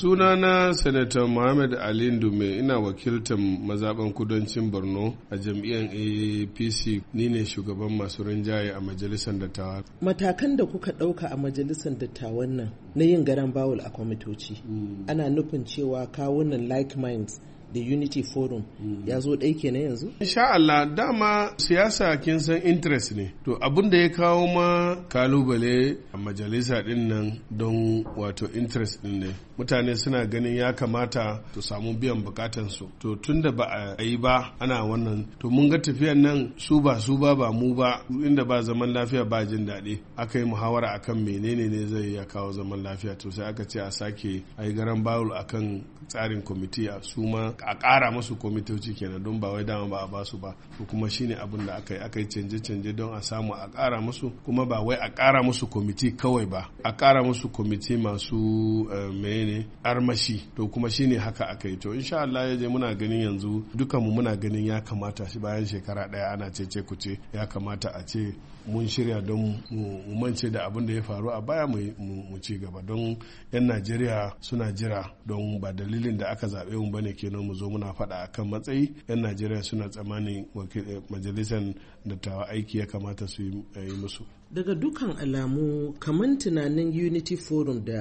Sunana Sanata Muhammad Ali Ndume ina wakiltar mazaban kudancin Borno a jam'iyyar APC ni ne shugaban masu rinjaye a majalisar dattawa. Matakan da kuka ɗauka a majalisar dattawan nan na yin garan bawul a kwamitoci. Hmm. Ana nufin cewa kawunan like minds the unity forum mm. ya zo ɗai kenan yanzu insha Allah dama siyasa kin san interest ne to abin da ya kawo ma kalubale a majalisa din nan don wato interest din ne mutane suna ganin ya kamata to samu biyan bukatan su to tunda ba a yi ba ana wannan to mun ga tafiyan nan su ba su ba ba mu ba inda ba zaman lafiya ba jin daɗi aka yi muhawara akan menene ne zai ya kawo zaman lafiya to sai aka ce a sake a yi garan bawul akan tsarin kwamiti a su ma a ƙara masu komitoci kenan don ba wai dama ba a ba su ba ko kuma shine abin da aka yi aka canje-canje don a samu a ƙara musu kuma ba wai a ƙara musu komiti kawai ba a ƙara musu komiti masu eh, menene armashi to kuma shine haka aka yi to insha Allah ya je muna ganin yanzu dukan mu muna ganin ya kamata shi bayan shekara ɗaya ana ce cece kuce ya kamata a ce mun shirya don mu mance da abin da ya faru a baya mu ci gaba don 'yan Najeriya suna jira don ba dalilin da aka zaɓe mu bane kenan mu zo muna faɗa a kan matsayi yan najeriya suna tsammanin eh, majalisar dattawa aiki ya kamata su yi eh, musu daga dukan alamu kamar tunanin unity forum da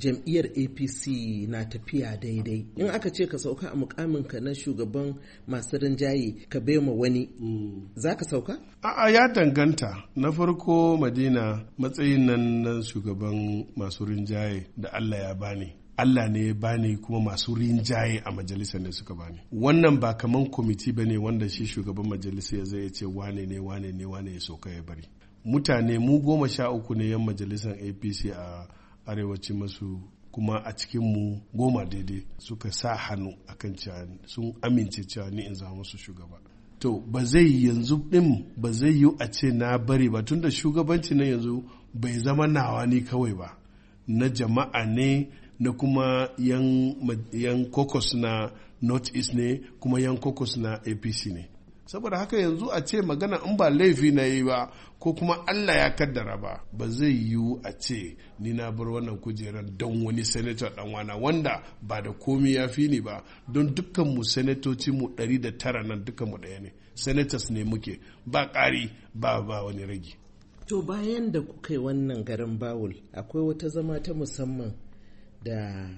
jam'iyyar apc na tafiya daidai in aka ce ka sauka a mukamin ka na shugaban masu rinjaye ka ma wani mm. za ka sauka a'a ya danganta na farko madina matsayin nan na shugaban masu rinjaye da allah ya bani Allah ne ya bani kuma masu rinjaye a majalisa ne suka bani wannan ba kaman kwamiti ba ne wanda shi shugaban majalisa ya zai ce wane ne wane ne wane ya soka ya bari mutane mu goma sha uku ne yan majalisar apc a arewacin masu kuma a cikin mu goma daidai suka sa hannu akan cewa sun amince cewa ni in zama su shugaba to ba zai yanzu ɗin ba zai yi a ce na bari ba tunda shugabanci na yanzu bai zama nawa ni kawai ba na jama'a ne na kuma yan kokos na north east ne kuma yan kokos na apc ne saboda haka yanzu a ce magana in ba laifi na yi ba ko kuma allah ya kaddara ba ba zai yiwu a ce ni na bar wannan kujerar don wani senator ɗanwana wanda ba da komi ya fi ni ba don dukkanmu senatoci mu 109 nan dukkanmu daya ne senators ne muke ba ƙari ba ba wani ragi to bayan da kuka yi wannan garin bawul akwai wata zama ta musamman da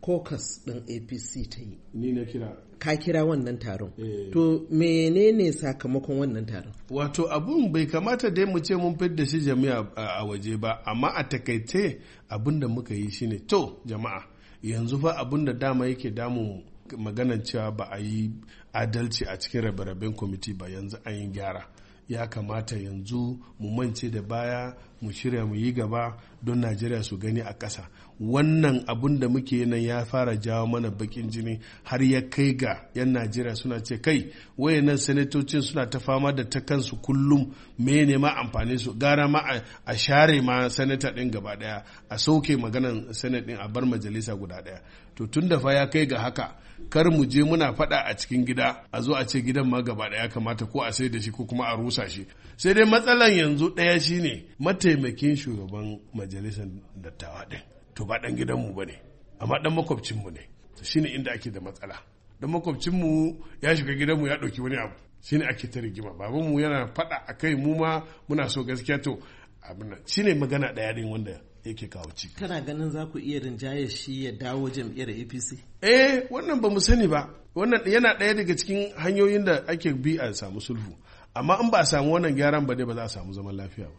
caucus ɗin apc ta yi ni na kira ka kira wannan taron eh. to menene sakamakon wannan taron wato abun bai kamata dai mu ce mun fidda shi jami'a a waje ba amma a takaice abun da muka yi shine to jama'a yanzu fa abun da dama yake damu maganan cewa ba a yi adalci a cikin rabe-raben kwamiti ba yanzu an yi gyara ya kamata yanzu mu mance da baya mu shirya mu yi gaba don najeriya su gani a ƙasa wannan abun da muke nan ya fara jawo mana bakin jini har ya kai ga 'yan najeriya suna ce kai wayannan sanatocin suna ta fama da ta kansu kullum mene ma amfani su gara ma a share ma sanata ɗin gaba daya a sauke maganan sanat ɗin a bar majalisa guda ɗaya to tun da fa ya kai ga haka kar mu je muna fada a cikin gida a zo a ce gidan ma gaba ɗaya kamata ko a sai da shi ko kuma a rusa shi sai dai matsalan yanzu ɗaya shine mataimakin shugaban majalisar dattawa ɗin to ba ɗan gidanmu ba ne amma ɗan makwabcinmu ne to shine inda ake da matsala dan makwabcinmu ya shiga gidanmu ya ɗauki wani abu shine ake ta rigima babanmu yana faɗa a kai mu ma muna so gaskiya to abin nan shine magana ɗaya ɗin wanda yake kawo ci kana ganin za ku iya rinjaye shi ya dawo jam'iyyar apc eh wannan ba mu sani ba wannan yana ɗaya daga cikin hanyoyin da ake bi a samu sulhu amma in ba a samu wannan gyaran ba ne ba za a samu zaman lafiya ba